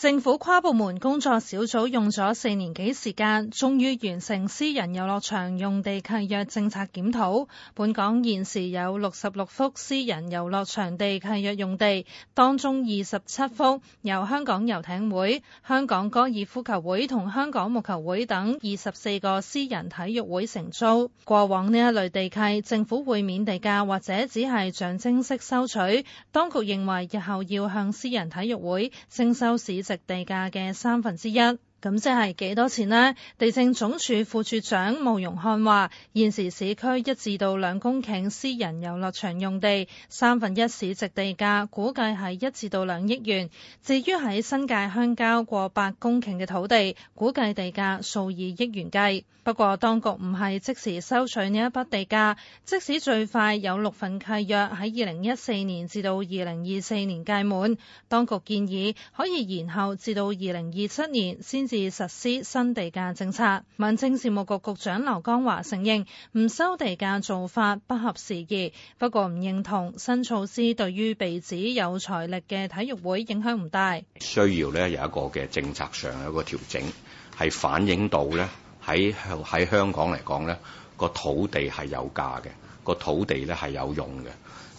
政府跨部門工作小組用咗四年幾時間，終於完成私人遊樂場用地契約政策檢討。本港現時有六十六幅私人遊樂場地契約用地，當中二十七幅由香港遊艇會、香港高爾夫球會同香港木球會等二十四個私人體育會承租。過往呢一類地契，政府會免地價或者只係象徵式收取。當局認為日後要向私人體育會徵收市值值地價嘅三分之一。咁即係幾多錢呢？地政總署副署長慕容漢話，現時市區一至到兩公頃私人遊樂場用地，三分一市值地價，估計係一至到兩億元。至於喺新界鄉郊過百公頃嘅土地，估計地價數以億元計。不過當局唔係即時收取呢一筆地價，即使最快有六份契約喺二零一四年至到二零二四年屆滿，當局建議可以延後至到二零二七年先至實施新地價政策，民政事務局局長劉江華承認唔收地價做法不合時宜，不過唔認同新措施對於被指有財力嘅體育會影響唔大。需要咧有一個嘅政策上有一個調整，係反映到咧喺喺香港嚟講咧個土地係有價嘅，個土地咧係有用嘅，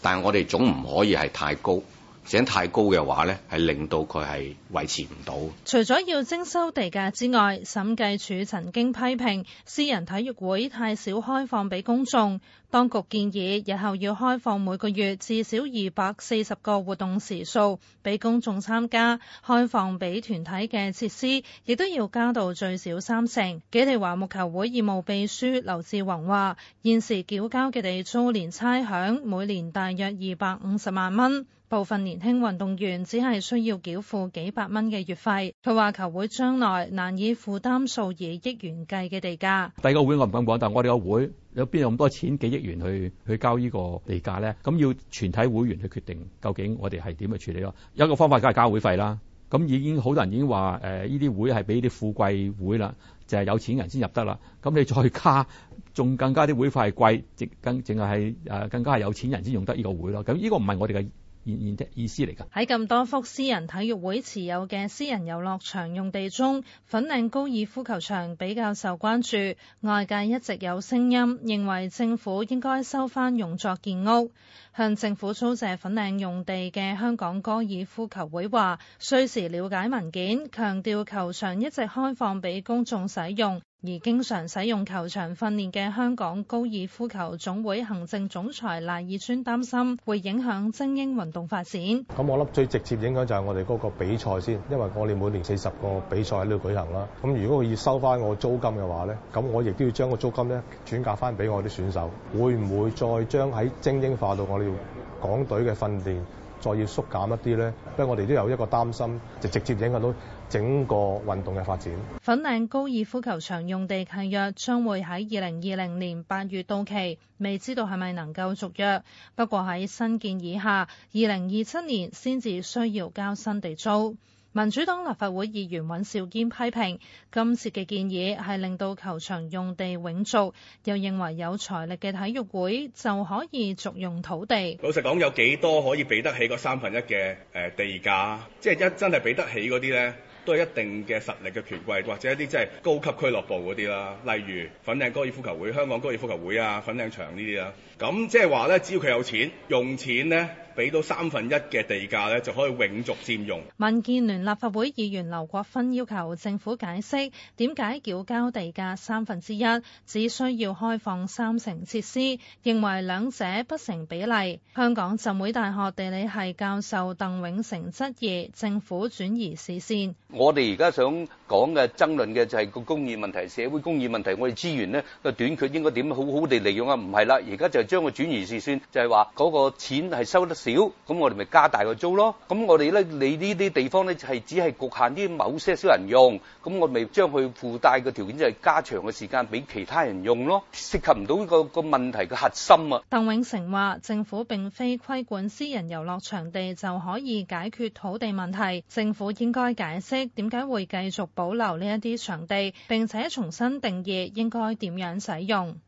但係我哋總唔可以係太高整太高嘅話呢，係令到佢係維持唔到。除咗要徵收地價之外，審計署曾經批評私人體育會太少開放俾公眾。當局建議日後要開放每個月至少二百四十個活動時數俾公眾參加，開放俾團體嘅設施亦都要加到最少三成。紀利華木球會義務秘書劉志宏話，現時繳交嘅地租年差餉每年大約二百五十萬蚊。部分年輕運動員只係需要繳付幾百蚊嘅月費。佢話球會將來難以負擔數以億元計嘅地價。第一個會我唔敢講，但係我哋個會有邊有咁多錢，幾億元去去交呢個地價咧？咁要全體會員去決定究竟我哋係點去處理咯。有一個方法梗係交會費啦。咁已經好多人已經話誒，呢、呃、啲會係俾啲富貴會啦，就係、是、有錢人先入得啦。咁你再加仲更加啲會費係貴，淨更淨係係誒更加係有錢人先用得呢個會咯。咁呢個唔係我哋嘅。現的意思嚟㗎。喺咁多幅私人體育會持有嘅私人遊樂場用地中，粉嶺高爾夫球場比較受關注。外界一直有聲音認為政府應該收翻用作建屋。向政府租借粉嶺用地嘅香港高爾夫球會話，需時了解文件，強調球場一直開放俾公眾使用。而經常使用球場訓練嘅香港高爾夫球總會行政總裁賴爾川擔心，會影響精英運動發展。咁我諗最直接影響就係我哋嗰個比賽先，因為我哋每年四十個比賽喺度舉行啦。咁如果佢要收翻我的租金嘅話咧，咁我亦都要將個租金咧轉嫁翻俾我啲選手。會唔會再將喺精英化到我哋港隊嘅訓練？再要縮減一啲咧，不過我哋都有一個擔心，就直接影響到整個運動嘅發展。粉嶺高爾夫球場用地契約將會喺二零二零年八月到期，未知道係咪能夠續約。不過喺新建議下，二零二七年先至需要交新地租。民主黨立法會議員尹兆堅批評今次嘅建議係令到球場用地永續，又認為有財力嘅體育會就可以續用土地。老實講，有幾多可以俾得起嗰三分一嘅誒地價？即係一真係俾得起嗰啲咧，都係一定嘅實力嘅權貴或者一啲即係高級俱樂部嗰啲啦，例如粉嶺高爾夫球會、香港高爾夫球會啊、粉嶺場這些呢啲啦。咁即係話咧，只要佢有錢用錢咧。俾到三分一嘅地價咧，就可以永續佔用。民建聯立法會議員劉國勳要求政府解釋點解繳交地價三分之一，只需要開放三成設施，認為兩者不成比例。香港浸會大學地理系教授鄧永成質疑政府轉移視線。我哋而家想。講嘅爭論嘅就係個公義問題、社會公義問題。我哋資源呢個短缺應該點好好地利用啊？唔係啦，而家就將個轉移視線，就係話嗰個錢係收得少，咁我哋咪加大個租咯。咁我哋咧，你呢啲地方咧係只係局限啲某些少人用，咁我咪將佢附帶個條件就係加長嘅時間俾其他人用咯。涉及唔到呢個個問題嘅核心啊！鄧永成話：政府並非規管私人遊樂場地就可以解決土地問題，政府應該解釋點解會繼續。保留呢一啲場地，並且重新定義應該點樣使用。